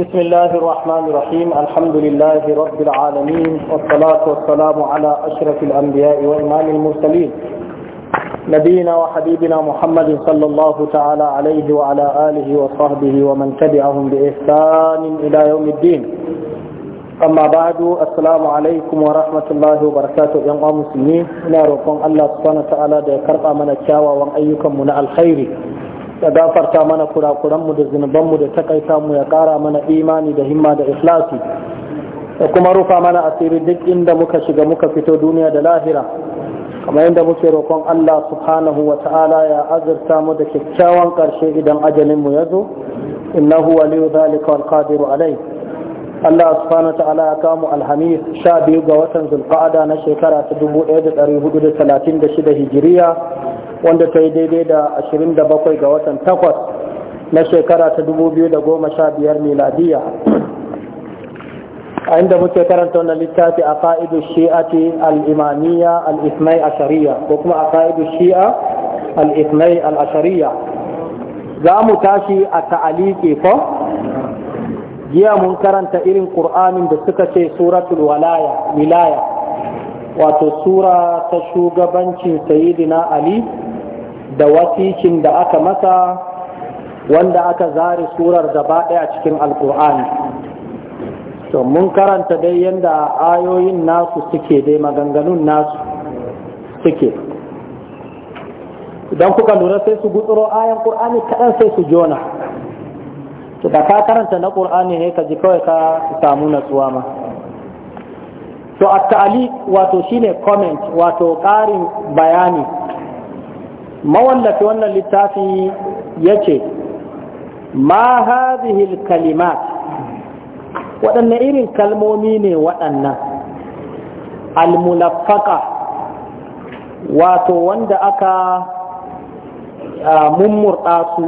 بسم الله الرحمن الرحيم الحمد لله رب العالمين والصلاة والسلام على أشرف الأنبياء وإمام المرسلين نبينا وحبيبنا محمد صلى الله تعالى عليه وعلى آله وصحبه ومن تبعهم بإحسان إلى يوم الدين أما بعد السلام عليكم ورحمة الله وبركاته يا مسلمين ناركم الله سبحانه وتعالى ذكر من الشاوى وأيكم من الخير ya gafarta mana kurakuranmu da zunubanmu da takaita mu ya kara mana imani da himma da ikhlasi da kuma rufa mana asiri duk inda muka shiga muka fito duniya da lahira kamar yadda muke roƙon Allah subhanahu wa ta'ala ya azurta mu da kyakkyawan ƙarshe idan ajalin mu ya zo innahu waliyu zalika wal qadiru alai Allah subhanahu wa ta'ala ya kamu alhamis sha biyu ga watan zulqa'ada na shekara ta 1436 hijiriya wanda ta yi daidai da 27 ga watan takwas na shekara ta 2015 miladiya a inda muke karanta wannan littafi a ka'idu shi'ati al'imaniya al'ismai a shari'a ko kuma a ka'idu shi'a al'ismai shari’a za mu tashi a ta'aliki ko jiya mun karanta irin ƙur'anin da suka ce suratul walaya wilaya wato sura ta shugabancin sayidina ali da wasikin da aka masa wanda aka zari surar gaba ɗaya cikin alkur'ani to mun karanta dai yadda ayoyin nasu suke dai maganganun nasu suke idan kuka lura sai su gutsuro ayan ƙur'ani kaɗan sai su jona to da ka karanta na ƙur'ani ne ka ji kawai ka samu natsuwa ma to a ta'ali wato shine comment wato ƙarin bayani mawallafi wannan littafi ya ce ma kalimat waɗanne irin kalmomi ne waɗannan almulaffaka wato wanda aka mummurɗa su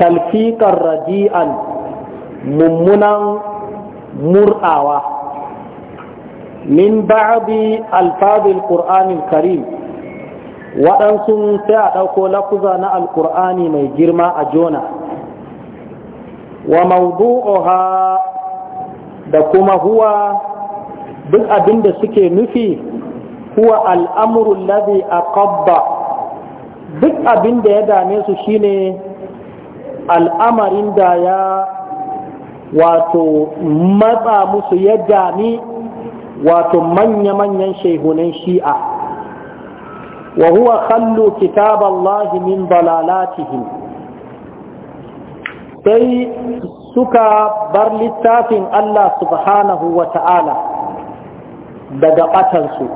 talfiƙar radi'an mummunan murɗawa min ba'di alfadil qur'anil karim waɗansu sai a ɗauko lafuza na alkur'ani mai girma a jona wa mawdu'uha da kuma huwa duk abin da suke nufi huwa al'amuru a ƙabba duk abin da ya dame su shine al'amarin da ya wato matsa musu ya dami wato manya-manyan shehunan shi'a wa huwa kallo kitab Allah min sai suka bar littafin Allah subhanahu wa ta'ala daga ɓatansu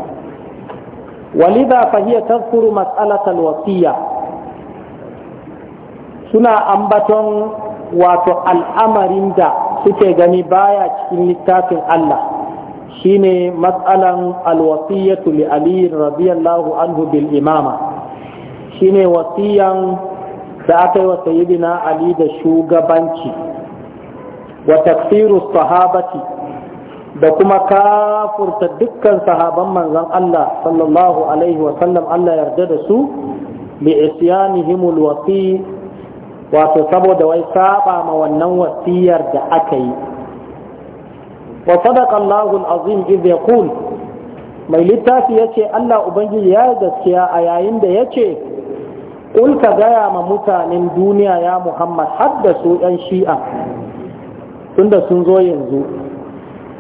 walida fahiyya tazkuru matsalatal wasiya suna ambaton wato al'amarin da suke gani baya cikin littafin Allah shine matsalan alwasiyatu li ali radiyallahu anhu bil imama shine wasiyan da aka yi wa sayyidina ali da shugabanci wa takfiru sahabati da kuma kafurta dukkan sahaban manzon Allah sallallahu alaihi wa sallam Allah yarda da su bi isyanihim alwasi wato saboda wai saba ma wannan wasiyar da aka yi wa sadaqa Allahu azim idh yaqul mai littafi yace Allah ubangiji ya yi gaskiya a yayin da yace kul ka gaya ma mutanen duniya ya Muhammad har da su yan shi'a tunda sun zo yanzu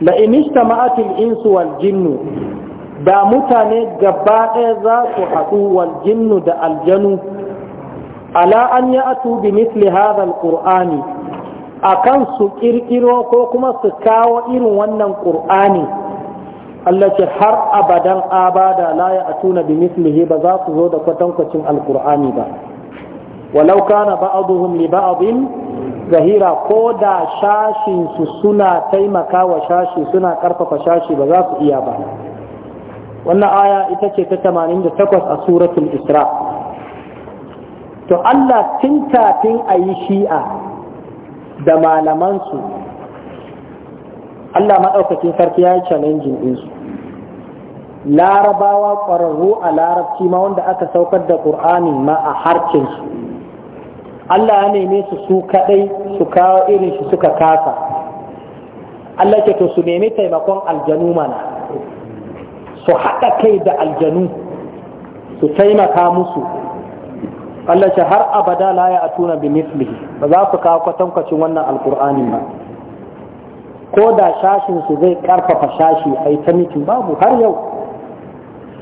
la in ijtama'atil insu wal jinnu da mutane gaba ɗaya za su haɗu wal da aljanu ala an ya'tu bi mithli hadha akan su ƙirƙiro ko kuma su kawo irin wannan ƙur'ani ce har abadan abada la ya tuna bi mislihi ba za su zo da kwatankwacin alƙur'ani ba walau kana ba'aduhum li ba'adin zahira ko da shashin su suna taimaka wa shashi suna karfafa shashi ba za su iya ba wannan aya ita ce ta 88 a suratul isra to Allah tun kafin a yi shi'a da malamansu Allah maɗaukacin sarki ya yi challenging ɗinsu larabawa ƙwararru a larabci ma wanda aka saukar da ƙur'ani ma a harcinsu Allah ya neme su su kaɗai su kawo irin shi suka kasa Allah ke to su nemi taimakon aljanu mana su haɗa kai da aljanu su taimaka musu Allah ce har abada la ya atuna bi mislihi ba za su kawo kwatankwacin wannan alkur'ani ba ko da shashin su zai karfafa shashi a ta mitin babu har yau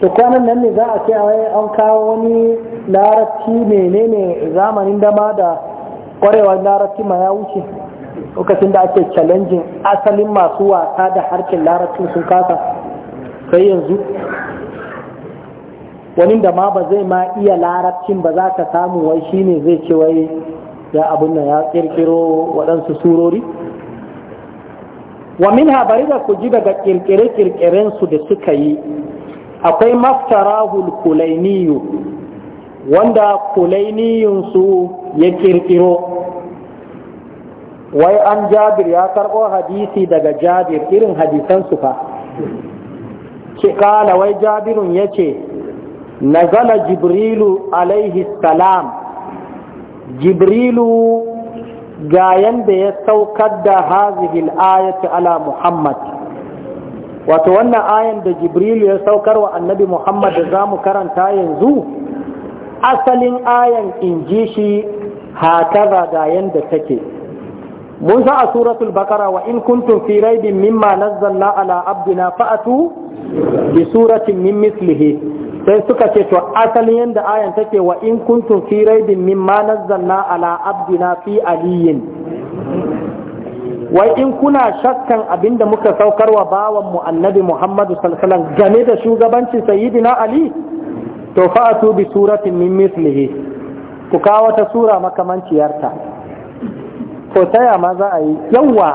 to kwanan nan ne za a ce an kawo wani larabci menene zamanin dama da kwarewar larabci ma ya wuce lokacin da ake challenging asalin masu wasa da harkin larabci sun kasa sai yanzu wani da ma ba zai ma iya larabcin ba za ka samu wai shine zai ce wai ya abin nan ya kirkiro waɗansu surori wa min habari da ku ji daga kirkire-kirkirensu da suka yi akwai maftarahul kulainiyu wanda kulainiyunsu ya kirkiro wai an jabir ya karɓo hadisi daga jabir irin hadisansu fa ki kala wai jabirun ya ce nazala jibrilu alaihi salam jibrilu ga yanda ya saukar da hazihil ayati ala muhammad wato wannan ayan da jibrilu ya saukar wa annabi muhammad da za mu karanta yanzu asalin ayan inji shi hakaza ga yanda take mun sa a suratul bakara wa in kuntum fi raibin mimma nazzalna ala abdina fa'atu bi suratin min mislihi sai suka ce to asalin yadda ayan take wa in kuntum fi raibin mimma nazzalna ala abdina fi aliyin wai in kuna shakkan abinda muka saukar wa bawan mu annabi Muhammadu sallallahu game da shugabancin sayyidina Ali to fa'atu bi suratin min mislihi ku kawo wata sura makamanciyarta ko taya ma za a yi yawa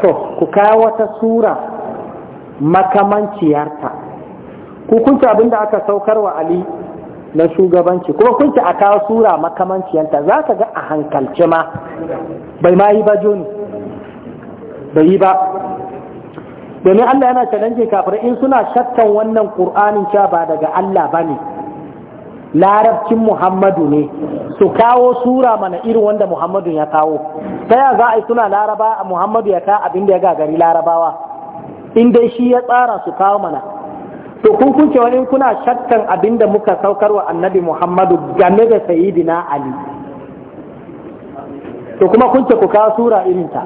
to ku kawo wata sura makamanciyarta ku kunci abin da aka saukar wa ali na shugabanci kuma kunci a kawo sura makamanciyanta za ka ga a hankalce ma bai ma yi ba joni bai yi ba domin Allah yana challenge kafirai in suna shakkan wannan Qur'anin cewa ba daga Allah bane larabcin Muhammadu ne su kawo sura mana irin wanda Muhammadu ya kawo ta ya za a yi suna laraba Muhammadu ya ka abin da ya gagari larabawa in dai shi ya tsara su kawo mana to kun kunce wani kuna shakkan abinda muka saukar wa annabi Muhammadu game da sayidina Ali to kuma kun ce ku kawo sura ta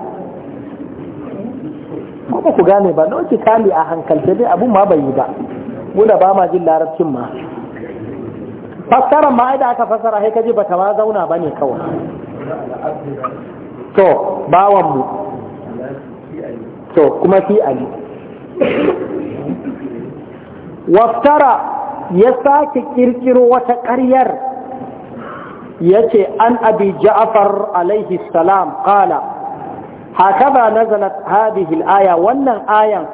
kuma ku gane ba lokaci kali a hankalce dai abun ma bai yi ba muna ba ma jin larabcin ma Fassara ma da aka fassara sai kaji bata ma zauna bane kawai to bawan mu to kuma fi ali waftara ya sake kirkiro wata ƙaryar ya ce an abi ja'afar alaihi salam ƙala haka ba nazalat hadihil aya wannan ayan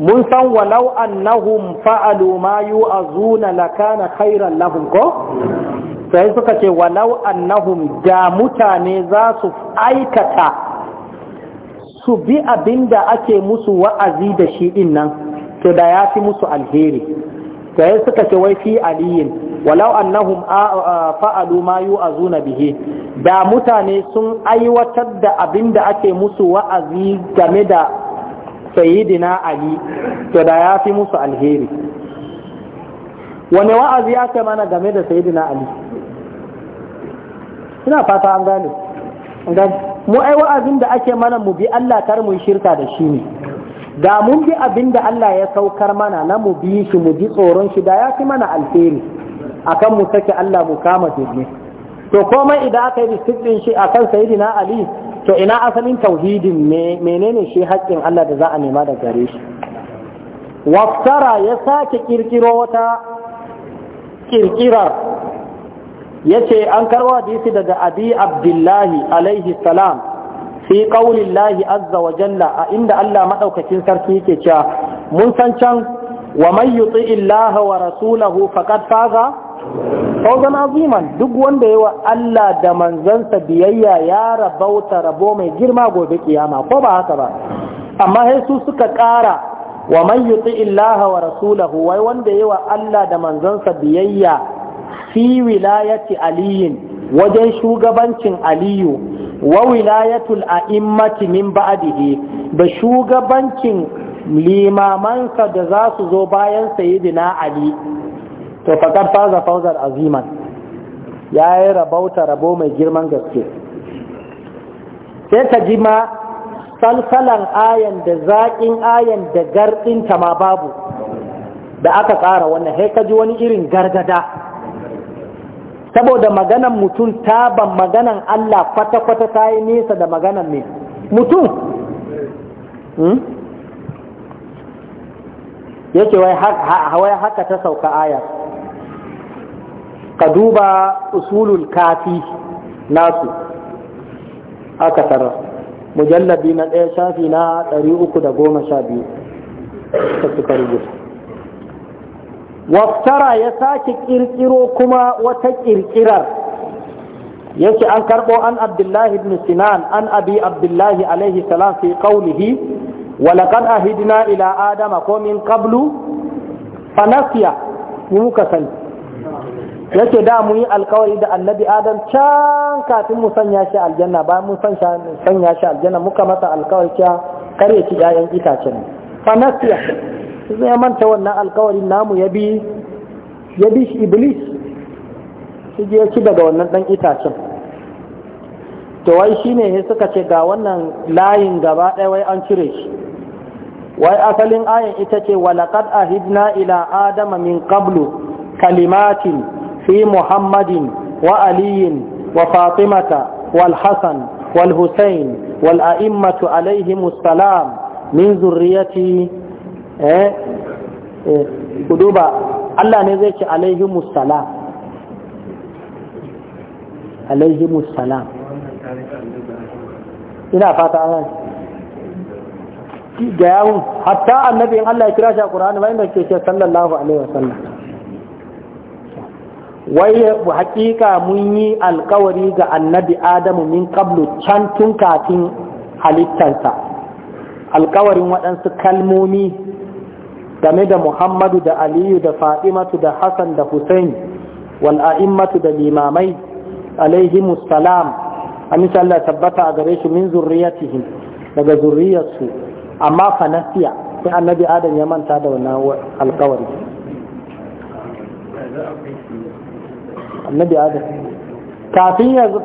mun san walau annahum fa'alu ma yu'azuna lakana khairan lahum ko sai suka ce walau annahum da mutane za su aikata su bi abinda ake musu wa'azi da shi din nan to da ya fi musu alheri sai suka ce wai fi aliyin walau annahum fa'alu ma yu'azuna bihi da mutane sun aiwatar da abin da ake musu wa'azi game da sayyidina ali to da ya fi musu alheri wane wa'azi ake mana game da sayyidina ali ina fata an gane mu ai wa'azin da ake mana mu bi Allah kar mu shirka da shi ne da mun bi abin da Allah ya saukar mana na mu bi shi mu ji tsoron shi da ya fi mana alheri akan mu sake Allah mu kama jirgi to komai idan aka yi restriction shi akan sayyidina Ali to ina asalin tauhidin menene shi haƙƙin Allah da za a nema da gare shi waftara ya sake kirkiro wata kirkirar yace an karwa hadisi daga Abi Abdullahi alaihi salam fi qaulin lahi azza wa jalla a inda Allah maɗaukacin sarki yake cewa mun san can wa man yuti illaha wa rasulahu faqad faza fawzan aziman duk wanda yawa Allah da manzansa biyayya ya rabauta rabo mai girma gobe kiyama ko ba haka ba amma haisu suka ƙara wa man yuti illaha wa rasulahu wai wanda yi wa Allah da manzansa biyayya fi wilayati aliyin wajen shugabancin aliyu wa wilayatul a'immati min ba'dihi da shugabancin limamansa da za su zo bayan sayyidina ali to faqad faza fawzan aziman yayi rabauta rabo mai girman gaske sai ka ji ma salsalan ayan da zaƙin ayan da garɗinta ma babu da aka ƙara wannan sai ka ji wani irin gargada saboda maganan mutum taban maganan Allah kwata-kwata ta yi nesa da maganan mai mutum hmm? yake wai haka ta sauka aya ka duba usulul kafi nasu aka tara mujallabi na ɗaya shafi na 312 ta suka rubuta waftara ya sake kirkiro kuma wata kirkirar yake an karbo an abdullahi ibn sinan an abi abdullahi alaihi salam fi qawlihi wa laqad ahidna ila adama ko min qablu fanasiya mu muka sani yake da mu yi alkawari da annabi adam can kafin mu sanya shi aljanna bayan mu sanya shi aljanna muka masa alkawari cewa kare ci 'ya'yan itacen fanasiya sai ya manta wannan alkawarin namu ya bi ya bi shi iblis shi ya ci daga wannan dan itacen to wai shi ne suka ce ga wannan layin gaba ɗaya wai an cire shi wai asalin ayan ita ce a ahidna ila adama min qablu kalimatin fi muhammadin wa aliyin wa fatimata wal hasan wal husain wal a'immatu alaihi salam min zurriyati Eh? eh ku duba Allah ne zai ce alaihi musalam alaihi musalam ina fata an ga yawun hatta annabi Allah ya kira shi a Qur'ani ba inda ke ce sallallahu alaihi wasallam wai hakika mun yi alkawari ga annabi Adamu min qablu can tun kafin halittarsa alkawarin waɗansu kalmomi game da Muhammadu da Aliyu da Fa'imatu da Hassan da Hussein wal a'immatu da limamai alaihimus salam amince Allah tabbata a gare shi min zurriyatihim daga zurriyarsu amma fanasiya sai annabi Adam ya manta da wannan alƙawari annabi Adam kafin yanzu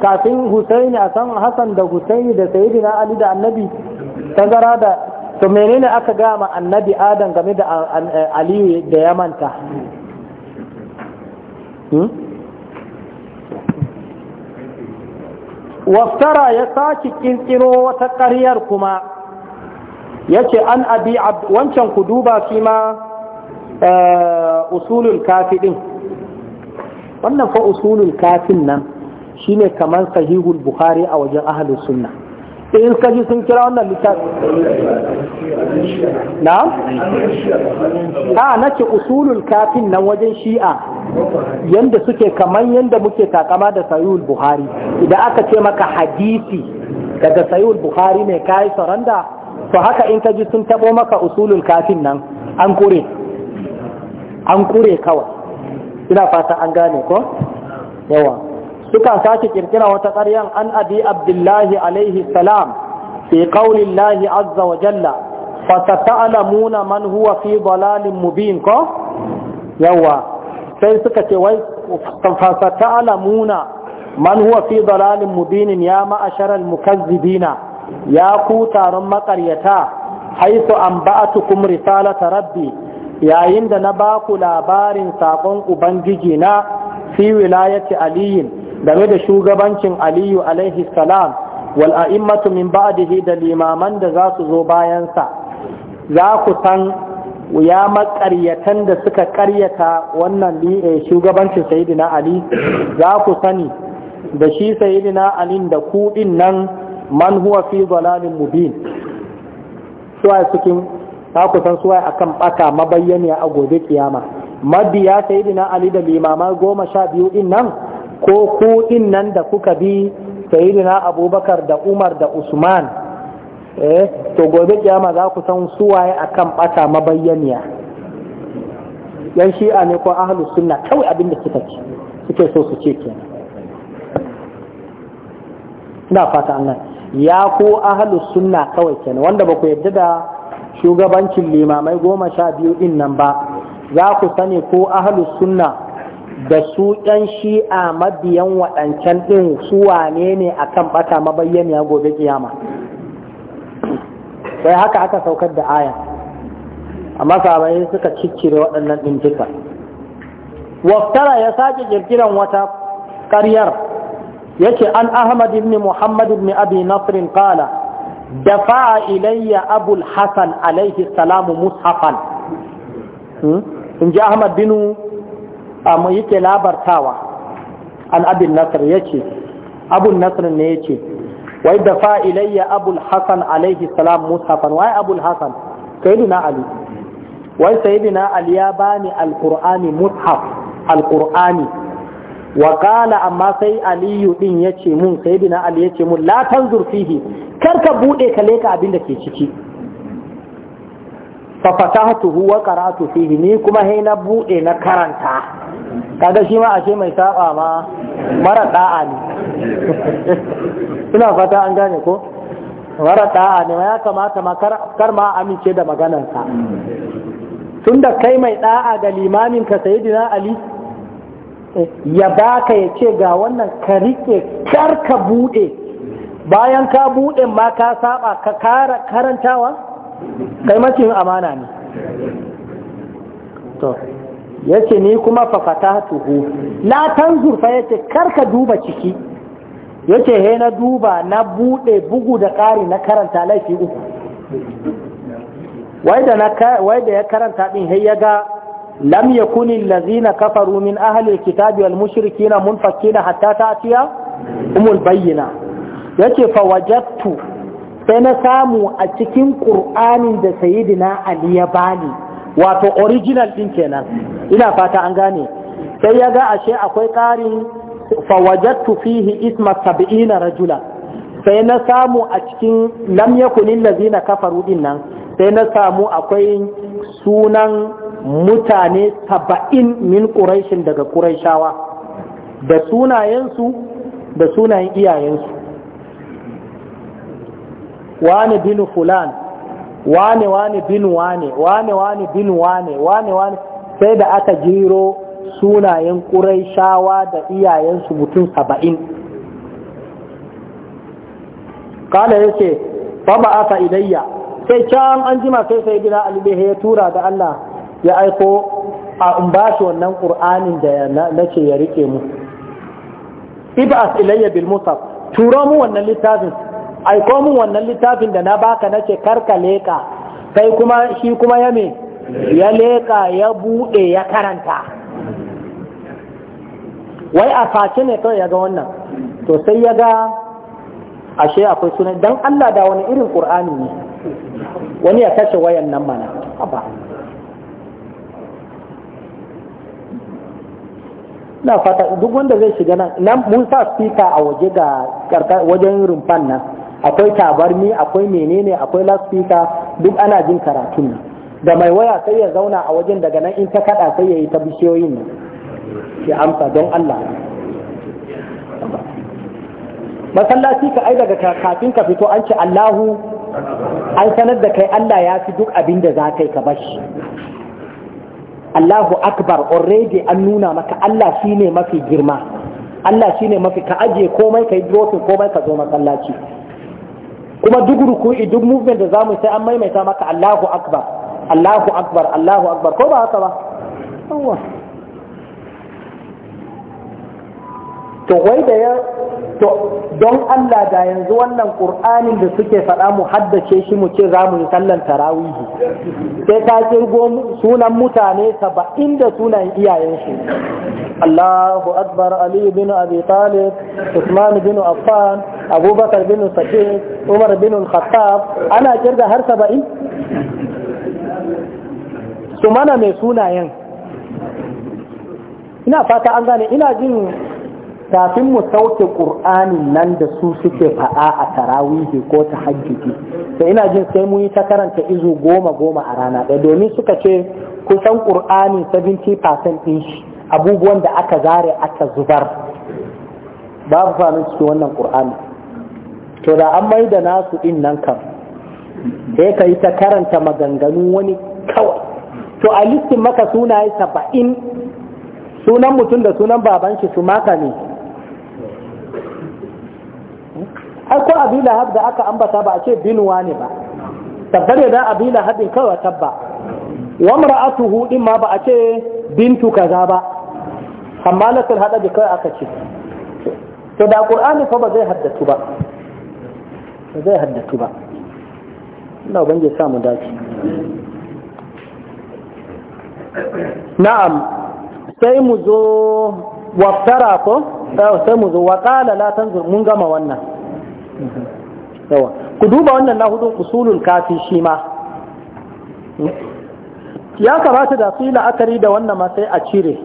Husaini a san Hassan da Husaini da Sayyidina Ali da Annabi tazara da to menene aka gama annabi adam game da eh, aliyu da ya manta hmm? waftara ya sake kinkiro wata ƙaryar kuma yace an abi wancan ku duba shi ma eh, usulul kafi wannan fa usulul kafin nan shine kamar sahihul bukhari a wajen ahlus sunna Eh, in ka ji sun kira wannan littafi na? a na ce usulul kafin nan wajen shi'a yadda suke kamar yadda muke takama da sayul buhari idan aka ce maka hadisi daga sayul buhari ne kayi saranda to haka in ka ji sun tabo maka usulul kafin nan an kure an kure kawai ina fata an gane ko yawa suka sake kirkira wata ƙaryan an abi abdullahi alaihi salam fi qaulillahi azza wa jalla fa tata'lamuna man huwa fi dalalin mubin ko yawa sai suka ce wai fa tata'lamuna man huwa fi dalalin mubin ya ma'ashara al-mukazzibina ya ku taron maƙaryata haitu anba'atukum risalata rabbi yayin da na baku labarin sakon ubangiji na fi wilayati aliyin game da shugabancin aliyu alaihi salam wal a'immatu min ba'dihi da limaman da za su zo bayansa za ku san ya makaryatan da suka karyata wannan eh, shugabancin sayidina ali za ku sani da shi sayidina ali da kuɗin nan man huwa fi dalalin mubin suwaye cikin za ku san suwaye akan ɓata mabayyaniya a gobe kiyama mabiya sayidina ali da limaman goma sha biyu din nan ko ku nan da kuka bi sayidina abubakar da umar da usman eh to gobe kiyama za ku san suwaye akan bata mabayyaniya yan shi'a ne ko ahlus sunna kawai abin da kika ce suke so su ce kenan ina fata Allah ya ku ahlus sunna kawai kenan wanda ba ku yadda da shugabancin limamai goma sha biyu din nan ba za ku sani ko ahlus sunna da su ɗan shi'a mabiyan waɗancan ɗin su wane ne a kan ɓata mabayyaniya gobe kiyama sai haka aka saukar da aya amma sabai suka ciccire waɗannan ɗin duka waftara ya sake ƙirƙiran wata ƙaryar yake an ahmad ibn muhammad ibn abi nasrin qala dafa'a ilayya abul hasan alaihi salamu mushafan hmm? in ji ahmad binu amma yake labartawa an abin nasar yace abun nasar ne yace wai da fa abul Hassan alaihi salam mushafan wai abul Hassan sai sayyidina ali wai sai sayyidina ali ya bani alqur'ani mushaf alqur'ani wa qala amma sai aliyu din yace mun sai sayyidina ali yace mun latan zurfihi, fihi kar ka bude ka leka abin da ke ciki fa fatahtuhu wa qara'tu fihi ni kuma he na bude na karanta kaga shi ma ashe mai saba ma mara da'a ne ina fata an gane ko mara da'a ne ya kamata ma kar ma amince da maganarsa tunda kai mai da'a ga limamin ka sayyidina ali ya baka ya ce ga wannan ka rike kar ka bude bayan ka bude ma ka saba ka kara karantawa kai yin amana ne to yace ni kuma fa fatatuhu la tanzur fa yace karka duba ciki yace he na duba na bude bugu da kari na karanta laifi uku wai da ya karanta din he ya ga lam yakuni allazina kafaru min ahli alkitabi wal mushrikina munfakina hatta ta'tiya umul bayyina yace fa wajadtu sai na samu a cikin ƙur'anin da sayidina ali ya bani wato original ɗin kenan ina fata an gane sai ya ga ashe akwai ƙarin fawajattu fihi isma sab'ina rajula sai na samu a cikin lam yakunin lazina kafaru din nan sai na samu akwai sunan mutane saba'in min ƙuraishin daga ƙuraishawa da sunayensu da sunayen iyayensu wane bin fulan wane wane bin wane wane wane bin wane wane wane sai da aka jiro sunayen ƙurai shawa da iyayensu mutum saba'in kala ya ce ba ba aka idayya sai can an jima sai sai gina alibehe ya tura da Allah ya aiko a in wannan ƙur'anin da na ce ya rike mu ibas ilayya bil musaf turo mu wannan littafin aiko mun wannan littafin da na baka na ce karka leka kai kuma shi kuma ya me ya leka ya bude ya karanta wai a face ne kawai ya ga wannan to sai ya ga ashe akwai sunan dan Allah da wani irin qur'ani ne wani ya kashe wayan nan mana haba na fata duk wanda zai shiga nan nan mun sa speaker a waje ga wajen rumfan nan akwai tabarmi akwai menene akwai laspika duk ana jin karatun da mai waya sai ya zauna a wajen daga nan in ta kada sai ya yi ta bishiyoyin nan ya amsa don Allah masallaci ka ai daga kafin ka fito an ce Allahu an sanar da kai Allah ya fi duk abin da za kai ka bashi Allahu akbar already an nuna maka Allah shine mafi girma Allah shine mafi ka aje komai ka yi komai ka zo masallaci kuma duk ruku'i duk movement da zamu sai an maimaita maka Allahu akbar Allahu akbar Allahu akbar ko ba haka ba to wai da ya to don Allah da yanzu wannan Qur'anin da suke faɗa mu haddace shi mu ce za mu yi sallan tarawihi sai ta kirgo sunan mutane saba'in da sunan iyayensu Allahu Akbar Ali bin Abi Talib Usman bin Affan Abubakar bin Sadiq Umar bin Khattab ana kirga har saba'in su mana mai sunayen ina fata an gane ina jin kafin mu sauke ƙur'anin nan da su suke faɗa a tarawihi ko ta hajjiki sai ina jin sai mu yi ta karanta izu goma goma a rana ɗaya domin suka ce kusan ƙur'ani 70% ɗin shi abubuwan da aka zare aka zubar babu famin cikin wannan ƙur'ani to da an mai da nasu ɗin nan kam sai ka yi ta karanta maganganu wani kawai to a listin maka sunaye saba'in sunan mutum da sunan baban shi su maka ne ko abi lahab da aka ambata ba a ce binuwa ne ba tabbare da abi lahabin kawai tabba wa mar'atuhu din ma ba a ce bintu kaza ba amma latul hadabi kai aka ce to da qur'ani fa ba zai haddatu ba ba zai haddatu ba Allah ban ya samu dace na'am sai mu zo wa tara ko sai mu zo wa qala la tanzur mun gama wannan yawa ku duba wannan na hudun usulul kafi shi ma ya kamata da su yi la'akari da wannan masai sai a cire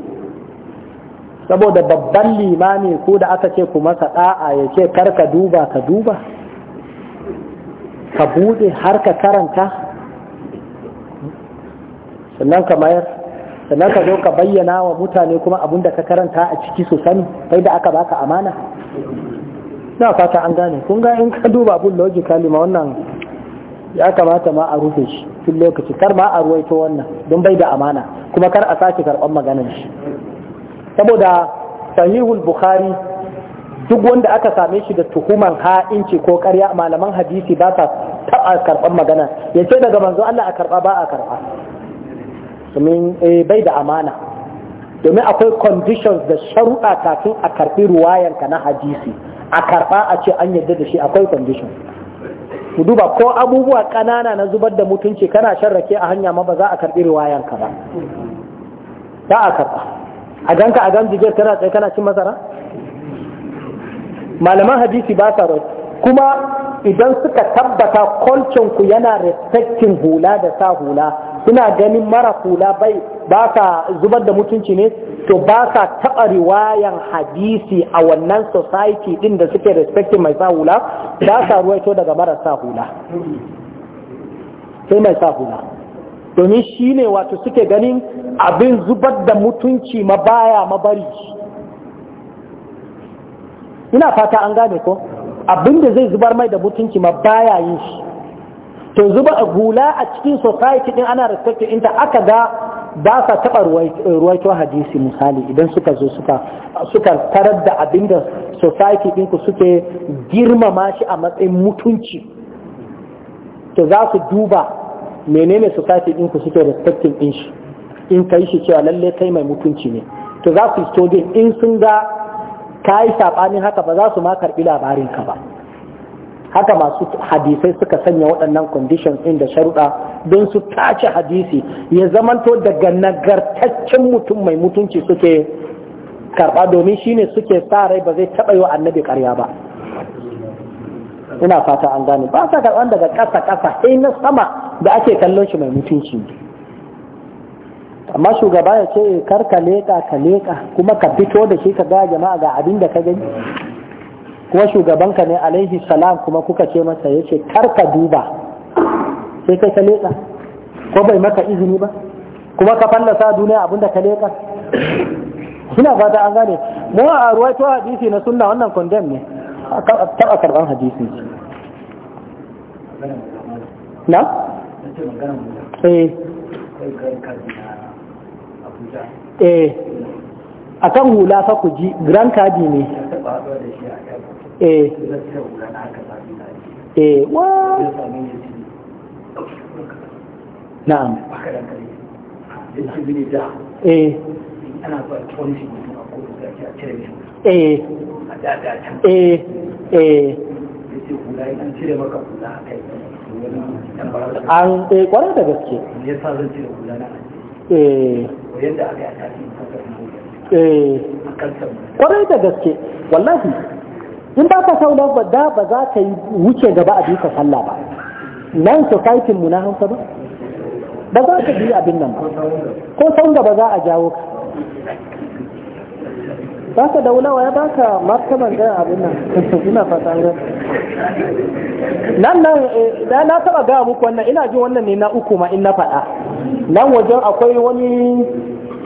saboda babban limami ko da aka ce ku masa ɗa'a ya ce kar ka duba ka duba ka bude har ka karanta sannan ka mayar sannan ka zo ka bayyana wa mutane kuma abin da ka karanta a ciki su sani sai da aka baka amana na fata an gane kun ga in ka duba abun logically ma wannan ya kamata ma a rufe shi tun lokaci kar ma a ruwaito wannan don bai da amana kuma kar a sake karɓar maganar shi saboda sahihul bukhari duk wanda aka same shi da tuhuman ha'inci ko karya, malaman hadisi ba sa taɓa karɓar magana ya ce daga manzo Allah a karɓa ba a karɓa domin eh, bai da amana domin akwai conditions da sharuɗa kafin a karɓi ruwayanka na hadisi a karɓa a ce an yadda da shi akwai condition ku duba ko abubuwa ƙanana na zubar da mutunci kana shan rake a hanya ma ba za a karɓi ruwayanka ba za a karɓa a ganka a gan jigiyar kana tsaye kana cin masara malaman hadisi ba sa kuma idan suka tabbata kwalcin ku yana respecting hula da sa hula suna ganin mara hula bai ba ka zubar da mutunci ne to ba ka taɓa riwayan hadisi a wannan society din da suke respecting mai sa hula ba sa ruwaito daga mara sa hula sai mai sa hula domin shi ne wato suke ganin abin zubar da mutunci ma baya mabari ina fata an gane ko abin da zai zubar mai da mutunci ma baya yin shi to zuba a hula a cikin society din ana respecting inta aka ga ba sa taɓa ruwaito hadisi misali idan suka zo suka suka tarar da abinda society ɗinku suke girmama shi a matsayin mutunci to za su duba menene society ɗinku suke respecting din shi in kai shi cewa lalle kai mai mutunci ne to za su yi in sun ga ka yi saɓanin haka ba za su ma karɓi ka ba haka masu hadisai suka sanya waɗannan conditions inda da sharuɗa don su tace hadisi ya zamanto daga nagartaccen mutum mai mutunci suke karɓa domin shine suke sa rai ba zai taɓa yi wa annabi ƙarya ba ina fata an gane ba sa karɓan daga ƙasa ƙasa sai na sama da ake kallon shi mai mutunci amma shugaba ya ce kar ka leƙa ka leƙa kuma ka fito da shi ka ga jama'a ga abin da ka gani kuma shugabanka ne alaihi salam kuma kuka ce masa ya ce karka duba sai kai ka leƙa ko bai maka izini ba kuma ka fallasa duniya abinda ka leƙa ina fata an gane mu a ruwaito hadisi na sunna wannan condemn ne taba karban hadisi na? eh, eh. a kan hula fa ku ji grand cardi ne eh eh wa na'am eh ana ba 20 ko da ke cire eh eh eh an eh, kwarar da gaske eh. aka yi Eh. kwarai da gaske wallahi in ba ka sauna ba da ba za ka yi wuce gaba a duka sallah ba nan society mu na hausa ba ba za ka bi abin nan ba ko da ba za a jawo ka ba ka wa ya ba ka martaban ɗaya abin nan ina fata wurin nan nan da eh, na taba gaya muku wannan ina jin wannan ne na uku ma in na faɗa nan wajen akwai wani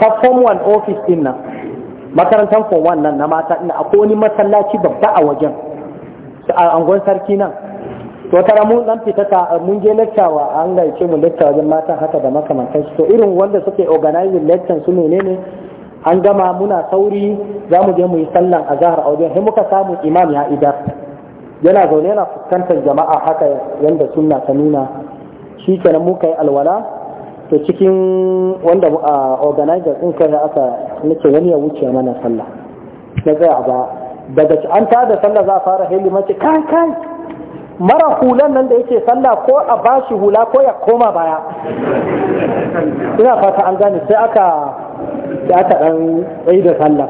ta form one office din nan makarantar form one nan na mata ina akwai wani masallaci babba a wajen a angon sarki nan to tara mun dan fita ta mun je lecture an ga ce mu lecture wajen mata haka da makamantan to irin wanda suke organizing lecture su ne, an gama muna sauri za mu je mu yi sallan azhar a wajen sai muka samu imam ya idar yana zaune yana fuskantar jama'a haka yanda sunna ta nuna shi kenan muka yi alwala to cikin wanda a organizer in kai aka nake wani ya wuce mana sallah na tsaya ba daga an ta da sallah za a fara heli mace kai kai mara hulan nan da yake sallah ko a bashi hula ko ya koma baya ina fata an gane sai aka sai aka dan tsaye da sallah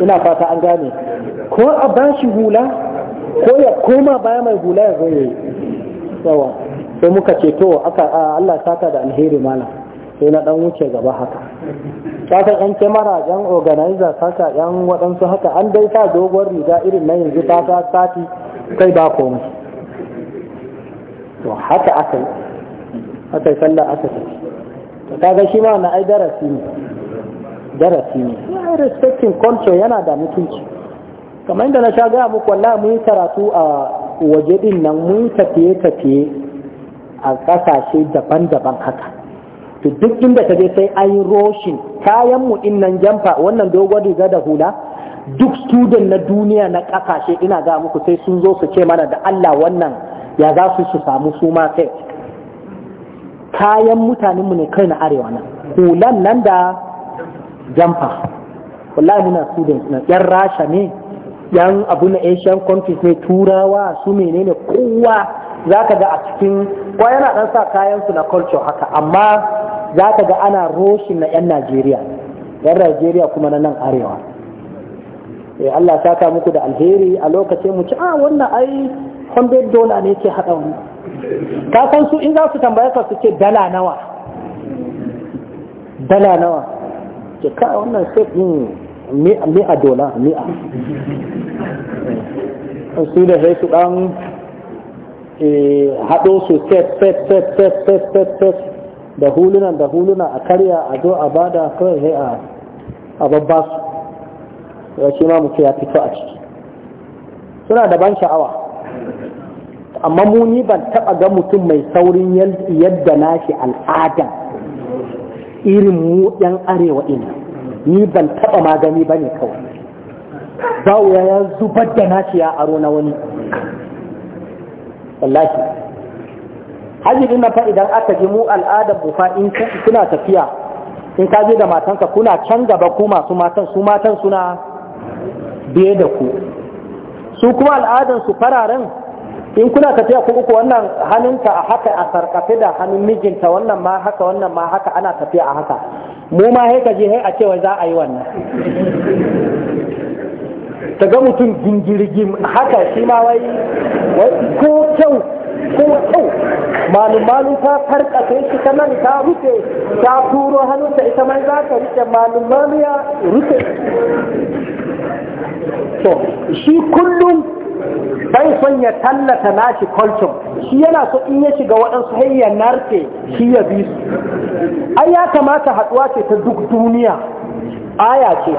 ina fata an gane ko a bashi hula ko ya koma baya mai hula ya zo yayi yawa sai muka ce to aka Allah saka da alheri mana sai na dan wuce gaba haka saka yan kemara yan organizer saka yan waɗansu haka an dai sa dogon riga irin na yanzu ta ta sati kai ba komai to haka aka aka sallah aka tafi to kaga shi ma na ai darasi ne darasi ne respecting culture yana da mutunci kamar yadda na sha gaya muku wallahi mun karatu a waje din nan mun tafiye tafiye a ƙasashe daban-daban haka to duk inda ka je sai an yi roshin kayan mu nan jamfa wannan dogon riga da hula duk student na duniya na ƙasashe ina ga muku sai sun zo su ce mana da Allah wannan ya za su su samu su ma sai kayan mutanenmu ne kai na arewa nan hulan nan da jamfa wallahi muna student na yan rasha ne yan abu na asian countries ne turawa su menene kowa za ka ga a cikin kwa yana ɗan sa kayansu na culture haka amma za ka ga ana roshin na 'yan Najeriya yan Najeriya kuma na nan arewa eh Allah ta ka muku da alheri a lokacin mu ci a ah, wannan ai 100 dola ne ke haɗa wani ka san su in za su tambaye ka su ce dala nawa dala nawa ke ka wannan sai mi'a dola mi'a eh, su da sai su ɗan Eh, haɗo su set set set set set set da hulunan da huluna a karya a zo a bada kawai sai a a babba su ya ce ma ya fito a ciki suna da ban sha'awa amma mu ni ban taɓa ga mutum mai saurin yadda na shi al'ada irin mu yan arewa ina ni ban taɓa magani ba ne kawai bawo ya zubar da nashi ya aro na wani wallahi hajji din nan fa idan aka ji mu al'adar bufa in kuna tafiya in ka je da matanka kuna can gaba ku masu matan su matan suna biye da ku su kuma al'adan su fararen in kuna tafiya ku uku wannan hannunta a haka a sarkafe da hannun mijinta wannan ma haka wannan ma haka ana tafiya a haka mu ma haika je hai a cewa za a yi wannan ta ga mutum gingirgim haka shi ma wai ko kyau ko kyau malumalu ta sai shi ta nan ta rufe ta turo hannunta ita mai za ka rufe malumalu ya rufe So, shi kullum bai son ya tallata nashi culture shi yana so in ya shiga waɗansu hayya narke shi ya bi su ai ya kamata haɗuwa ce ta duk duniya aya ce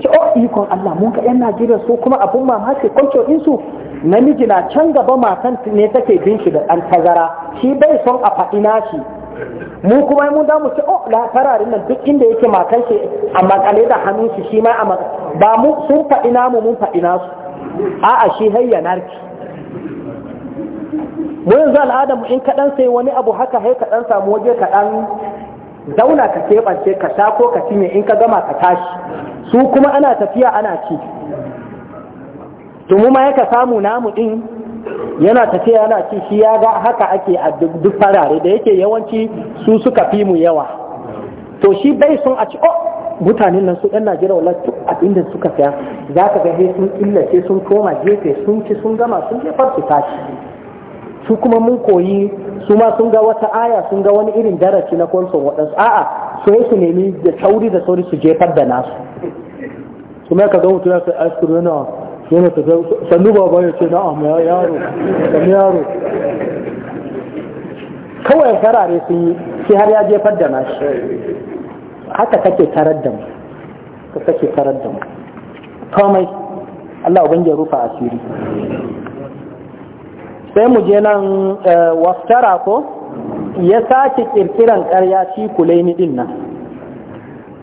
ce oh ikon Allah mun ga yan Najeriya su kuma abun mamaki kwanco din su namiji na can gaba matan ne take bin shi da dan tazara shi bai son a faɗi nashi mu kuma mun da mu ce oh la fararin nan duk inda yake matan shi a makale da hannun shi shi ma a ba mu sun faɗi namu mun faɗi nasu a'a shi hayya narki mu yanzu al'adamu in kaɗan sai wani abu haka hai kaɗan samu waje kaɗan zauna ka keɓance ka sha ko ka cinye in ka gama ka tashi su kuma ana tafiya ana ci tumu ma yaka samu namu din yana tafiya yana ci shi ya ga haka ake a duk farare da yake yawanci su suka fi mu yawa to shi bai sun a ci oh mutanen nan su ɗan Najeriya wala duk suka saya za ka ga sun illace sun koma gefe sun ci sun gama sun jefar su tashi su kuma mun koyi su ma sun ga wata aya sun ga wani irin darasi na kwanson waɗansu a'a su yi su nemi da sauri da sauri su jefar da nasu su mai ka ga mutum ya sai aiskuru yana yana ta sannu ba ya ce amma ah, ya yaro sami yaro kawai farare sun yi sai har ya jefar da nasu haka kake tarar da mu ka kake tarar da mu kawai Allah ubangiji ya rufa asiri sai mu je nan eh, waftara ko ya sake kirkiran karya shi kulaini din nan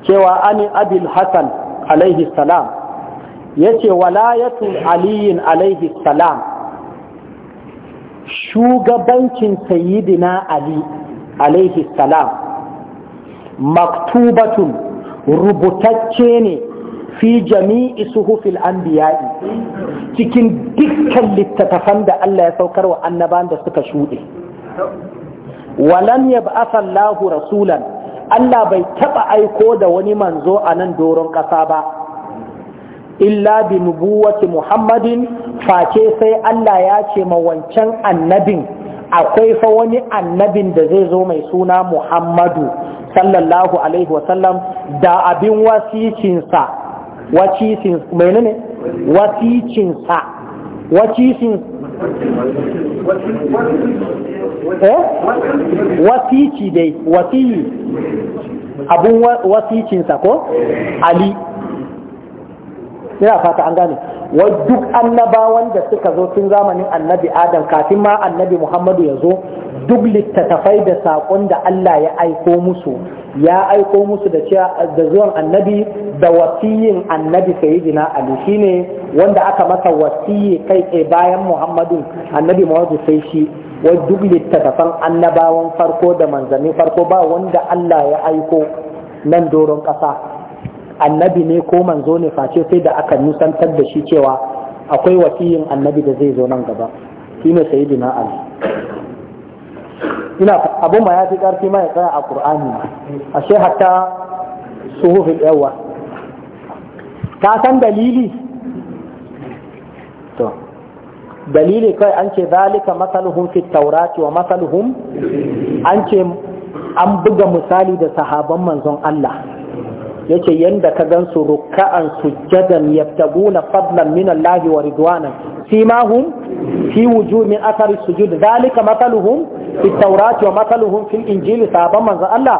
cewa ani abil hasan alaihi salam ya ce walayatul aliyin alaihi salam shugabancin sayidina ali alaihi salam maktubatun rubutacce ne fi jami'i suhufil anbiya'i cikin dukkan littattafan da Allah ya saukar wa annaban da suka shuɗe walam yab'atha Allahu rasulan Allah bai taɓa aiko da wani manzo a nan doron ƙasa ba illa bi nubuwati Muhammadin face sai Allah ya ce ma wancan annabin akwai fa wani annabin da zai zo mai suna Muhammadu sallallahu alaihi wasallam da abin wasicinsa wacisin ne? wasicinsa wacicin eh wasici dai wasiyi abun wasicinsa ko ali ina fata an gane wa duk annabawan da suka zo tun zamanin annabi adam kafin ma annabi muhammadu ya zo duk littattafai da saƙon da allah ya aiko musu ya aiko musu da da zuwan annabi da wasiyin annabi jina ali shine wanda aka masa wasiyi kai tsaye bayan muhammadu annabi muhammadu sai shi wa duk littattafan annabawan farko da manzanni farko ba wanda allah ya aiko nan doron ƙasa annabi ne ko manzo ne face sai da aka nusantar da shi cewa akwai wasiyin annabi da zai zo nan gaba shi ne sayyidina ali ina abu ma ya fi karfi ma ya tsaya a qur'ani ashe hatta suhufin yawa Ka san dalili to dalili kai an ce zalika masaluhum fi taurati wa masaluhum an ce an buga misali da sahaban manzon Allah yace yanda ka gansu ruka'an sujjadan yabtaguna fadlan min Allah wa ridwana simahum fi wujuh min athari sujud dalika mataluhum fi tawrat wa mataluhum fil injil sahaban manzo Allah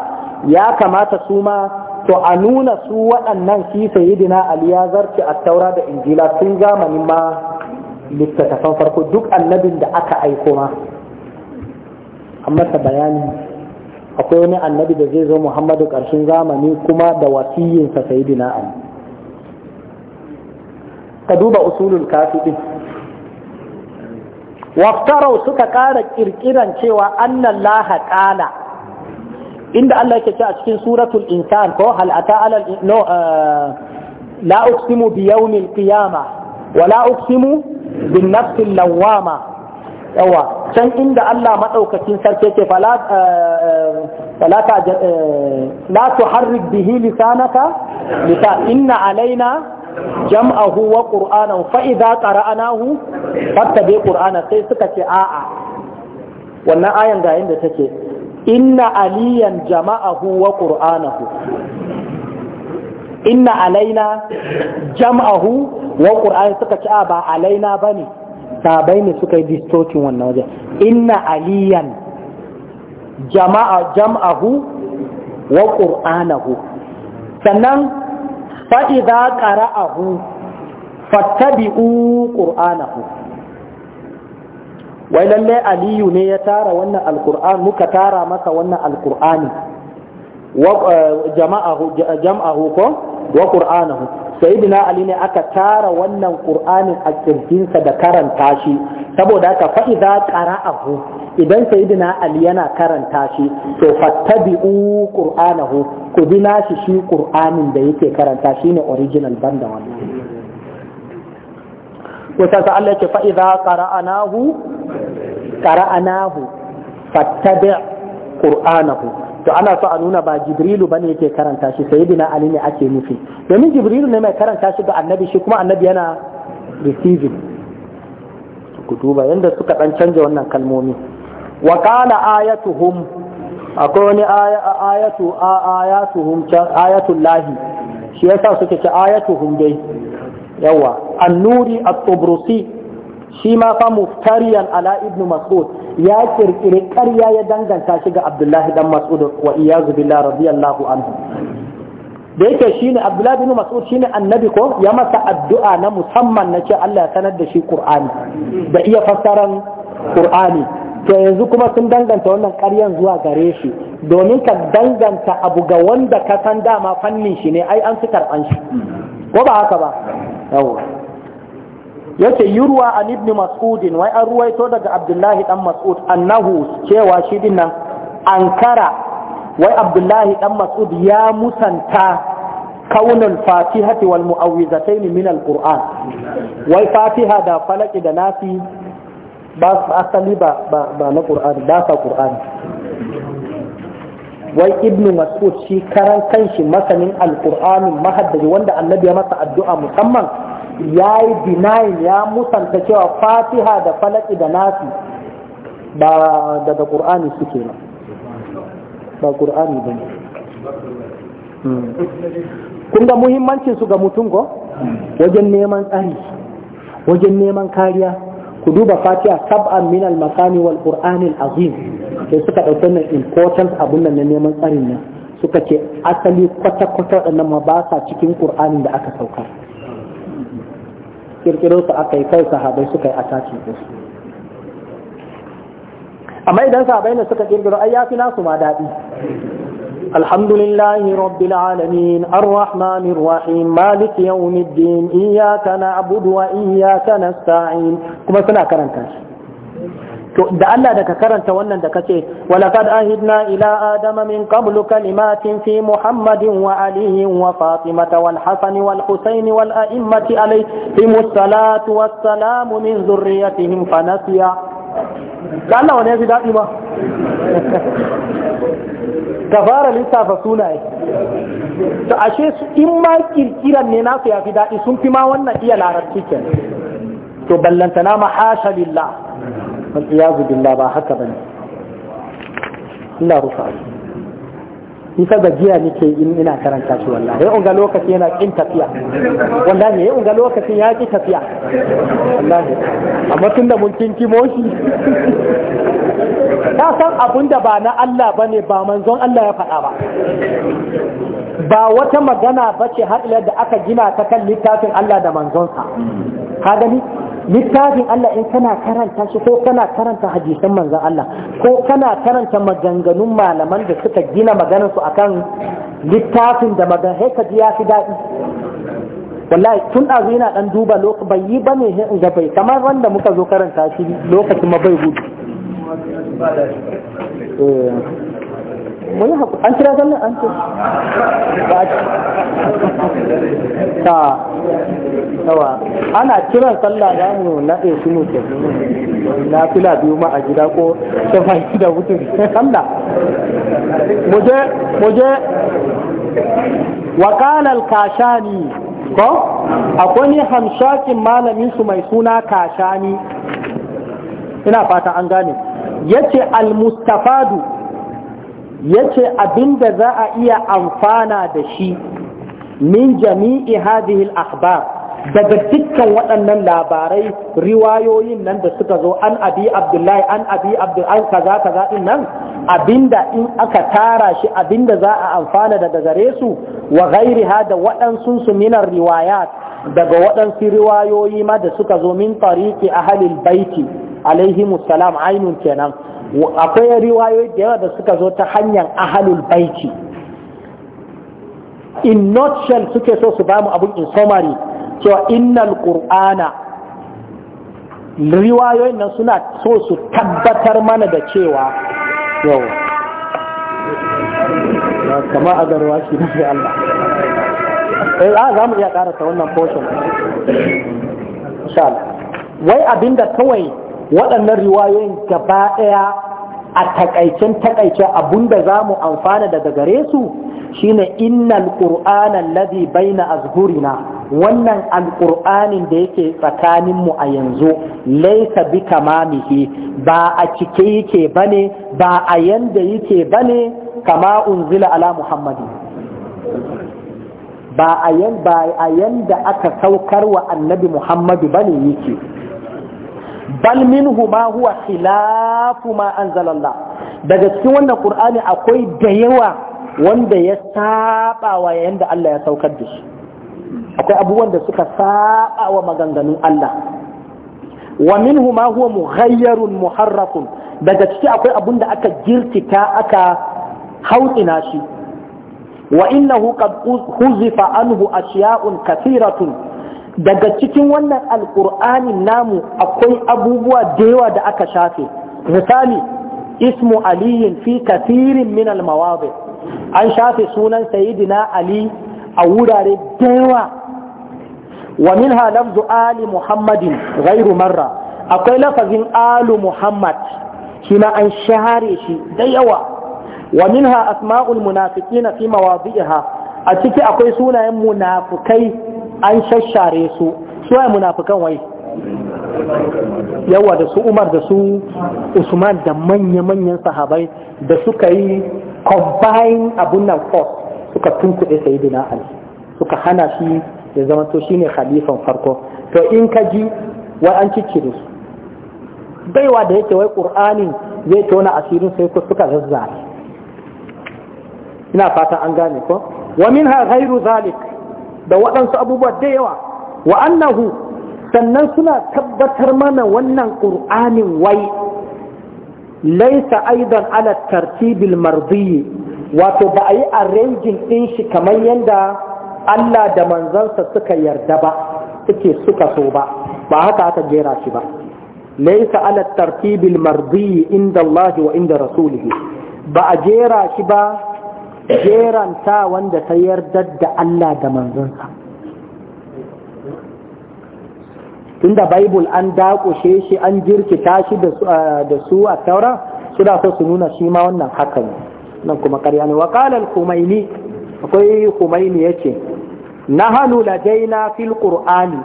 ya kamata su ma to a nuna su waɗannan fi sayyidina Ali ya zarci at-taura da injila tun zamanin ma littattafan farko duk annabin da aka aiko ma amma ta bayani akwai wani annabi da zai zo muhammadu ƙarshen zamani kuma da wasiyinsa sayidina ali ka duba usulul kafi ɗin. waftarau suka ƙara ƙirƙiran cewa annan laha ƙala inda Allah yake ce a cikin suratul insan ko hal ata ala no eh, la uqsimu bi yawmil qiyama wa la uqsimu bin nafsil yawa can inda Allah maɗaukacin sarki yake fala eh, eh, fala ta eh, la tuharrik bihi lisanaka lita inna alaina jam'ahu wa qur'anahu fa idza qara'nahu fattabi qur'ana sai suka ce a'a wannan ayan ga yanda take inna aliyan jama'ahu wa qur'anahu inna alaina jam'ahu wa qur'ani suka ce a ba alaina bane sabai ne suka yi distotin wannan wajen inna aliyan jama'a jam'ahu wa qur'anahu sannan fa idza qara'ahu fattabi'u qur'anahu wai lalle aliyu ne ya tara wannan alqur'an muka tara masa wannan alqur'ani wa eh, jama'ahu jam'ahu ko wa qur'anahu sayyidina ali ne aka tara wannan qur'anin a kirjinsa da karanta shi saboda haka fa idza qara'ahu idan sayyidina ali yana karanta shi to fattabi'u qur'anahu ku bi nashi shi qur'anin da yake karanta shine original banda wannan wata ta Allah ce fa'iza ƙara'anahu ƙara'anahu fattabi ƙur'anahu to ana so a nuna ba jibrilu bane yake karanta shi sayyidina ali ne ake nufi domin jibrilu ne mai karanta shi ga annabi shi kuma annabi yana receiving ku duba yanda suka dan canja wannan kalmomi wa qala ayatuhum akwai wani ayatu ayatuhum ayatul lahi shi yasa suke ce ayatuhum dai yawa annuri at-tubrusi shi ma fa muftariyan ala ibn mas'ud ya kirkire ƙarya ya danganta shi ga abdullahi dan mas'ud wa iyazu billah radiyallahu anhu da yake shine abdullahi ibn mas'ud shine annabi ko ya masa addu'a na musamman na ce Allah ya sanar da shi qur'ani da iya fassaran qur'ani to yanzu kuma sun danganta wannan ƙaryan zuwa gare shi domin ka danganta abu ga wanda ka san dama fannin shi ne ai an fi karɓan shi ko ba haka ba yawa yace yurwa an ibn Mas'udin, wai an ruwaito daga abdullahi dan mas'ud annahu cewa shi dinnan ankara wai abdullahi dan mas'ud ya musanta kaunul fatihati wal mu'awwizatayn min al wai fatiha da falaki da nafi ba su asali ba ba na qur'ani ba sa qur'ani wai ibn mas'ud shi karan kanshi masanin al-qur'ani mahaddaji wanda annabi ya masa addu'a musamman ya yi denying ya musanta cewa fatiha da falaki da nasi ba daga ƙur'ani suke ba ba ƙur'ani ba hmm. kun ga muhimmancin su ga mutum ko wajen neman tsari wajen neman kariya ku duba fatiha sab'an min al-makani wal al azim sai suka dauke nan important abun nan na neman tsarin nan suka ce asali kwata-kwata waɗannan ma ba sa cikin ƙur'anin da aka saukar kirkiro su aka yi kai sahabai suka yi attacking su amma idan sahabai ne suka kirkiro ai yafi nasu ma daɗi alhamdulillahi rabbil alamin arrahmanir rahim maliki yawmiddin iyyaka na'budu wa iyyaka nasta'in kuma suna karanta shi to da Allah da ka karanta wannan da kace walaqad ahidna ila adama min qablu kalimatin fi muhammadin wa alihi wa fatimata wal hasan wal husayn wal a'immati alayhim salatu wassalamu min zurriyatihim fanasiya da Allah wani yafi dadi ba ka fara lissafa sunaye to ashe in ma kirkiran ne nasu fi dadi sun fi ma wannan iya larabci kenan to ballantana ma hasha lillah wal iyazu billah ba haka ba ne Allah rufa isa gajiya nake in ina karanta shi wallahi yau ga lokaci yana kin tafiya wallahi ya ga lokacin ya ki tafiya wallahi amma tun da mun kinki moshi san abin da ba na Allah bane ba manzon Allah ya faɗa ba ba wata magana bace har ila da aka gina ta kan littafin Allah da manzonsa ka gani littafin Allah in kana karanta shi ko kana karanta hadisan manzan Allah ko kana karanta maganganun malaman da suka gina maganar su akan littafin da magan ji ya fi daɗi wallahi tun ɗazu yana dan duba lokacin bai yi bane in ga bai kamar wanda muka zo karanta shi lokacin ma bai gudu eh. wani haku an kira sallar an ce ba ta tawa ana kiran sallah za mu naɗe su mu ke na fila biyu ma a gida ko ta fahimci da mutum sallah muje muje وقال الكاشاني ko akwai ni hamshakin malamin su mai suna kashani ina fata an gane yace al-mustafadu yace abinda za a iya amfana da shi min jami'i hadhihi akhbar daga dukkan waɗannan labarai riwayoyin nan da suka zo an abi abdullahi an abi abdullahi kaza kaza din nan abinda in aka tara shi abinda za a amfana daga gare su wa ghairiha da waɗansu su minar riwayat daga waɗansu riwayoyi ma da suka zo min tariki ahalil baiti alaihi musalam ainun kenan akwai riwayoyi da yawa da suka zo ta hanyar halin baiti in nutshell suke so su bamu abun in summary cewa innal qur'ana riwayoyin nan suna so su tabbatar mana da cewa yau kama a garwa shi Allah Eh, a ah, za mu iya karanta wannan portion wai abinda kawai waɗannan riwayoyin gaba ɗaya a takaicen takaice abinda za mu amfana daga gare su shine innal qur'ana alladhi baina azhurina wannan alqur'anin da yake tsakanin mu a yanzu laysa bi kamamihi. ba a cike yake bane ba a yanda yake bane kama unzila ala muhammadin ba a yanda aka saukar wa annabi Muhammadu ne yake bal minhu ma huwa khilafu ma anzalallah daga cikin wannan qur'ani akwai da yawa wanda ya saba wa yanda Allah ya saukar da shi akwai abubuwan da suka saba wa maganganun Allah wa minhu ma huwa mughayyarun muharrafun daga ciki akwai abun da aka girtika aka hautsina shi wa innahu qad huzifa anhu ashiya'un kathiratun daga cikin wannan alƙur'ani namu akwai abubuwa da yawa da aka shafe misali ismu aliyin fi kasirin min al an shafe sunan sayyidina ali a wurare da yawa wa minha lafzu ali muhammadin gairu marra akwai lafazin alu muhammad shi an share shi da yawa wa minha asma'ul munafiqina fi mawadhi'iha a ciki akwai sunayen munafukai an shashare su suwaye munafukan wai yawa da su Umar da su Usman da manya-manyan sahabai da suka yi combine abun nan force suka tunkuɗe sayyidina Ali suka hana shi ya zama to shine khalifan farko to in ka ji wai an ciccire su baiwa da yake wai qur'anin zai tona asirin sai suka zazzare ina fata an gane ko wa minha ghairu zalik da waɗansu abubuwa da yawa wa annahu sannan suna tabbatar mana wannan qur'anin wai laisa aidan ala tartibil mardiyi wato ba a yi arrangin shi kamar yadda Allah da manzansa suka yarda ba suke suka so ba ba haka aka gera shi ba laisa ala tartibil mardiyi inda Allah wa inda rasulihi ba a jera shi ba jeranta wanda ta yarda da Allah da manzansa tunda Bible an dakushe shi an jirkita shi eh, da su a taura suna so su nuna shi ma wannan haka ne nan kuma ƙarya ne wakalar kumaini akwai kumaini ya ce na hannu lajaina fil ƙur'ani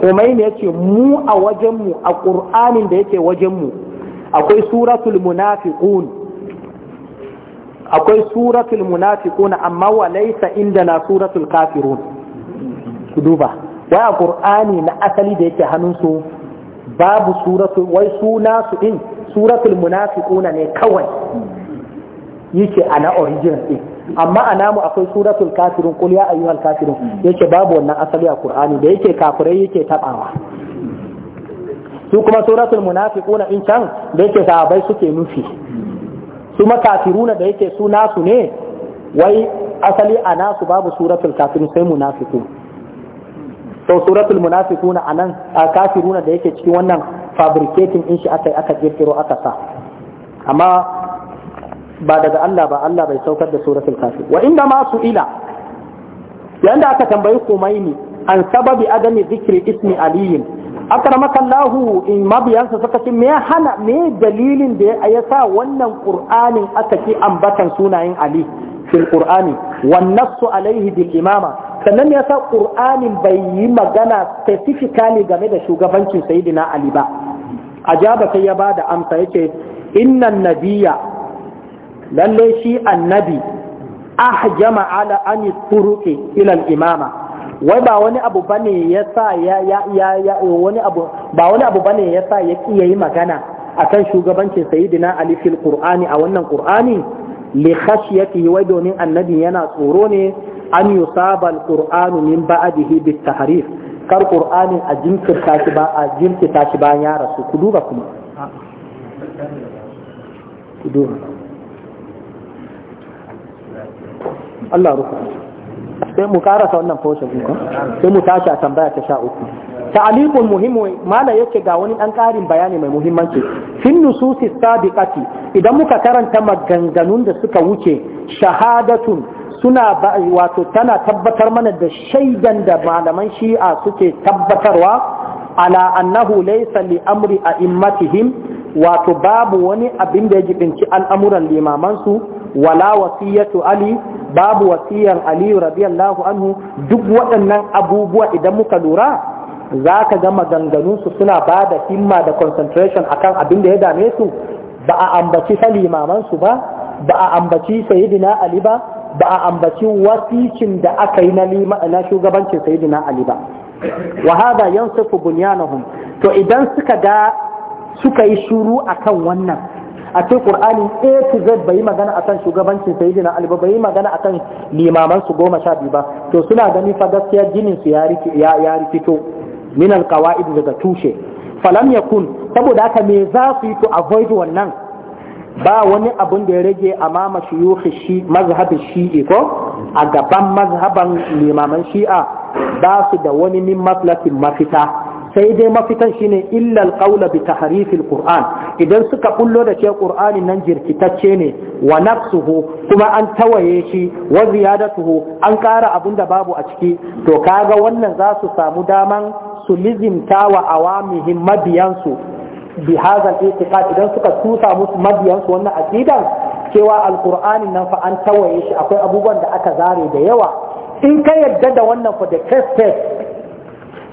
kumaini ya ce mu a wajenmu a ƙur'anin da yake wajenmu akwai suratul munafiqun akwai suratul munafiquna amma wa laysa indana suratul kafirun ku duba wai a na asali da yake hannunsu babu suratu wai suna su din suratul munafiquna ne kawai yake ana original din amma a namu akwai suratul kafirun qul ya ayyuhal kafirun yake babu wannan asali a qur'ani da yake kafirai yake tabawa su kuma suratul munafiquna in can da yake sahabbai suke nufi su makafiruna da yake su nasu ne wai asali a nasu babu suratul kafirun sai munafiku to suratul munafiquna anan a kafiruna da yake cikin wannan fabricating in shi aka aka kirkiro aka sa amma ba daga Allah ba Allah bai saukar da suratul kafir wa inda ma su ila, yanda aka tambayi Khomeini an sababi adami zikri ismi aliyin akramaka Allah in mabiyansa suka ce me hana me dalilin da ya yasa wannan qur'anin aka ki ambatan sunayen Ali fil qur'ani wan nassu alaihi bil imama sannan ya sa qur'anin bai yi magana specifically game da shugabancin sayyidina Ali ba ajaba sai ya bada amsa yake innan nabiyya lalle shi annabi ahjama ala an turuqi ila al imama wai ba wani abu bane ya sa ya ya wani abu ba wani abu bane ya sa ya magana akan shugabancin sayyidina ali fil qur'ani a wannan qur'ani li yi wai domin annabi yana tsoro ne an yusaba al qur'anu min ba'dihi bit tahrif kar qur'anin a jinkirta shi ba a jinkirta shi bayan ya rasu ku duba kuma Allah rukunin sai mu karasa wannan portion ɗin sai mu tashi a tambaya ta sha uku alifun muhimmi mana yake ga wani ɗan ƙarin bayani mai muhimmanci fin nususi sabiqati idan muka karanta maganganun da suka wuce shahadatun suna wato tana tabbatar mana da shaidan da malaman shi'a suke tabbatarwa ala annahu laysa li amri a'immatihim wato babu wani abin da ya jibinci al'amuran limamansu wala wasiyatu ali babu wasiyan ali radiyallahu anhu duk waɗannan abubuwa idan muka lura za ka ga maganganunsu suna ba da himma da concentration akan abin da ya dame su ba a ambaci Salimaman su ba ba a ambaci sayidina ali ba ba a ambaci wasicin da aka yi na shugabancin sayidina ali ba wa hada yansifu bunyanahum to idan suka ga suka yi shuru akan wannan a ce qur'ani a to z bai magana akan shugabancin sayyidina ali ba bai magana akan limaman su goma sha biyu ba to suna gani fa gaskiya ginin su ya rikito min alqawaid daga tushe falam yakun saboda haka me za su yi to avoid wannan ba wani abun da ya rage mama shuyukhi shi mazhabin shi'i ko a gaban mazhaban limaman shi'a ba su da wani min maslakin mafita sai dai mafitan shine illa alqawla bi tahrifil qur'an idan suka bullo da ce qur'ani nan jirkitacce ne wa nafsuhu kuma an tawaye shi wa ziyadatuhu an ƙara abun da babu a ciki to kaga wannan za su samu daman su lizimta wa awamihim mabiyansu bi hadha al idan suka tusa musu mabiyansu wannan aqidan cewa alqur'ani nan fa an tawaye shi akwai abubuwan da aka zare da yawa in ka yadda da wannan fa da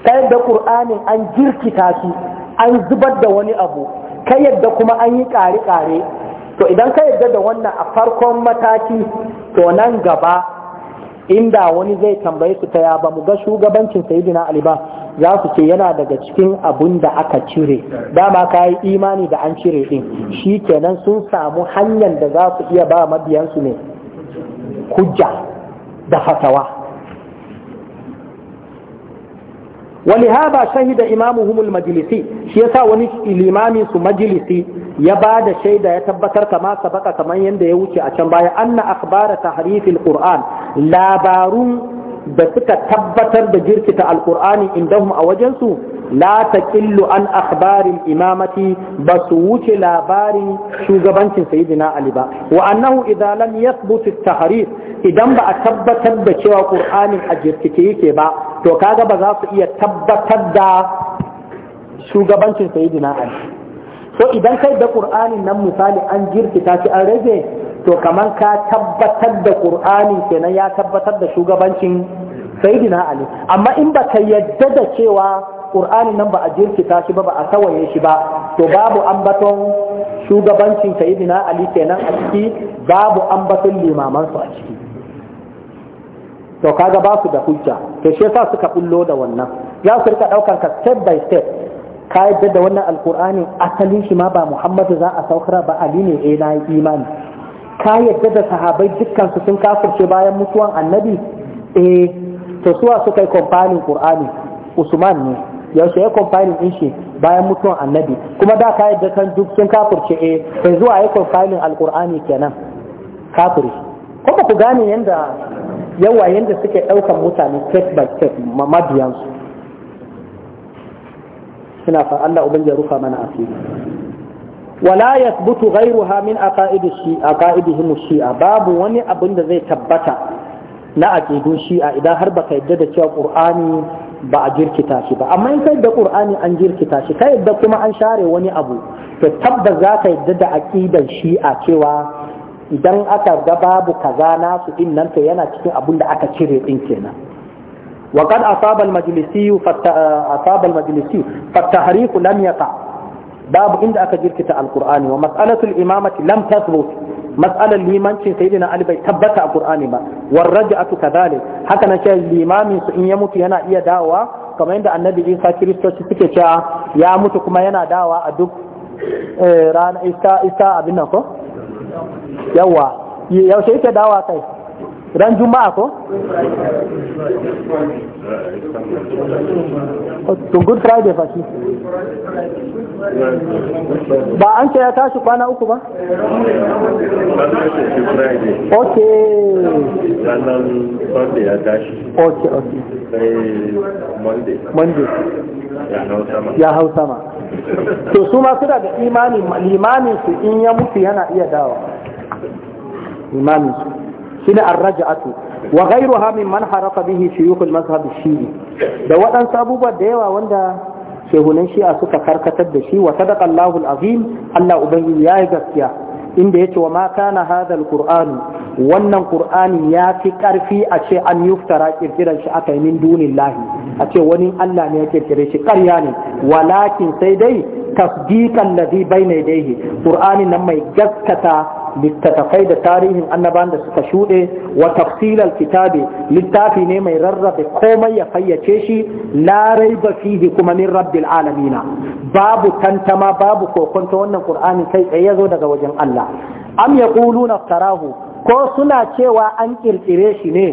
ka yadda qur'anin an jirkita shi an zubar da wani abu ka yadda kuma an yi ƙare-ƙare to idan ka yadda da wannan a farkon mataki to nan gaba inda wani zai tambaye su ta ya ba mu ga shugabancin sayidina ali ba za su ce yana daga cikin abun da aka cire dama ka yi imani da an cire din shi kenan sun samu hanyar da za su iya ba mabiyansu ne hujja da fatawa ولهذا شهد إمامهم المجلسي شيسا ya الإمام سو مجلسي يباد شهد يتبتر كما سبق كما يندي يوشي أشنبايا أن أخبار تحريف القرآن لا بارون da suka tabbatar da jirkita alkur'ani indahum a wajensu la taqillu an akbarin imamati ba su wuce labarin shugabancin sayyidina ali ba wa annahu idza lam yathbut at-tahrif idan ba a tabbatar da cewa qur'anin a jirkice yake ba to kaga ba za su iya tabbatar da shugabancin sayidina ali so idan kai da qur'anin nan misali an girkita shi an rage to kamar ka tabbatar da qur'ani kenan ya tabbatar da shugabancin sayidina ali amma in ba ka yadda da cewa qur'ani nan ba a jirkita shi ba ba a tawaye shi ba to babu ambaton shugabancin sayidina ali kenan a ciki babu ambaton limaman su a ciki to kaga ba su da hujja to shi yasa suka bullo da wannan za su rika daukar ka step by step ka yadda da wannan alqur'ani asalin shi ma ba muhammadu za a saukar ba ali ne eh na imani ka yadda da sahabai dukkan su sun kafirce bayan mutuwan annabi eh to suwa suka yi compiling qur'ani usman ne yaushe ya compiling din shi bayan mutuwan annabi kuma da ka yadda kan duk sun kafirce eh sai zuwa ya compiling alqur'ani kenan kafiri kuma ku gane yanda yawa yadda suke ɗaukar mutane step by step mamabiyansu suna fa Allah ubangi ya rufa mana asiri wala yathbutu ghayruha min aqaidi shi'a aqaidihim shi'a babu wani abin da zai tabbata na aqidun shi'a idan har baka yadda da cewa qur'ani ba a jirkita shi ba amma in kai da qur'ani an jirkita shi kai da kuma an share wani abu to tabbas za ka yadda da aqidan shi'a cewa idan aka ga babu kaza nasu din nan to yana cikin abin da aka cire din kenan wa qad asaba al-majlisi asaba al-majlisi lam yaqa babu inda aka jirkita al-qur'ani wa mas'alatu al-imamati lam tathbut mas'alar limanci sayyidina ali bai tabbata a qur'ani ba war raj'atu kadhalik haka na ce limamin su in ya mutu yana iya dawa kamar yadda annabi Isa kiristoci suke cewa ya mutu kuma yana dawa a duk Eh, rana iska iska abin nan ko yawa yaushe yake dawa kai ran juma'a ko to good friday fa shi ba an ce ya tashi kwana uku ba okay ranar sunday ya tashi ok ok monday monday ya hausa ma to su ma suna da imani limamin su in ya mutu yana iya dawa limamin su shine arraja'atu wa ghayruha man harafa bihi shuyukh al-mazhab shi'i da waɗansu abubuwa da yawa wanda shehunan shi'a suka karkatar da shi wa sadaqa Allahu al-azim Allah ubangiji yayi gaskiya inda yace wa mata na hadal qur'an wannan qur'ani ya fi karfi a ce an yuftara ƙirƙirar shi aka yi min dunillahi a ce wani Allah ne ya ƙirƙire shi karya ne walakin sai dai tasdiqan ladhi bayna yadayhi qur'ani nan mai gaskata littattafai da tarihin annaban da suka shuɗe wa tafsilal kitabi littafi ne mai rarrabe komai ya fayyace shi larai raiba fihi kuma min rabbil alamina babu tantama babu kokonta wannan qur'ani kai tsaye yazo daga wajen Allah am yaquluna tarahu ko suna cewa an kirkire shi ne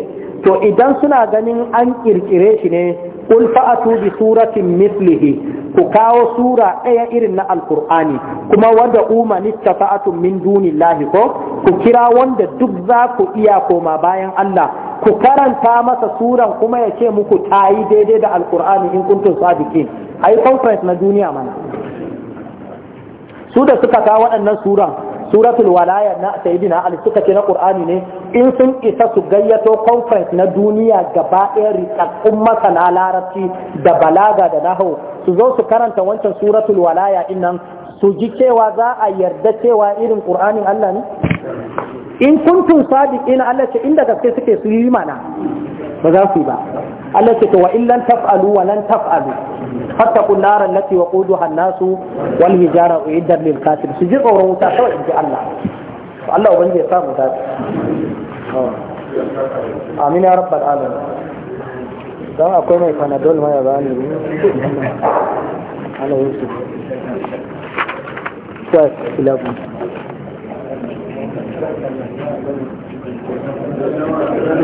to idan suna ganin an kirkire shi ne qul fa'atu bi suratin mislihi ku kawo sura ɗaya irin na Alkur'ani, kuma wanda umani tafa'atun min dunillahi ko ku kira wanda duk za ku iya koma bayan Allah ku karanta masa suran kuma ya ce muku tayi daidai da Alkur'ani in kuntum sadiqin ai conference na duniya mana su da suka kawo waɗannan suran suratul walaya na sayyidina ali suka ce na qur'ani ne in sun isa su gayyato conference na duniya gaba ɗaya rikakkun masana larabci da balaga da nahu su zo su karanta wancan suratul walaya din nan su ji cewa za a yarda cewa irin qur'anin Allah ne in kuntum sadiqina Allah ce inda gaske suke su yi mana ba za su yi ba Allah ce to wa illan taf'alu wa lan taf'alu fattaqun nar allati waquduha an-nasu wal hijara uiddat lil kafir su ji tsoron wuta kawai in ji Allah Allah ubangiji ya samu da amin ya rabbal alamin dan akwai mai panadol mai bani Allah ya yi Thank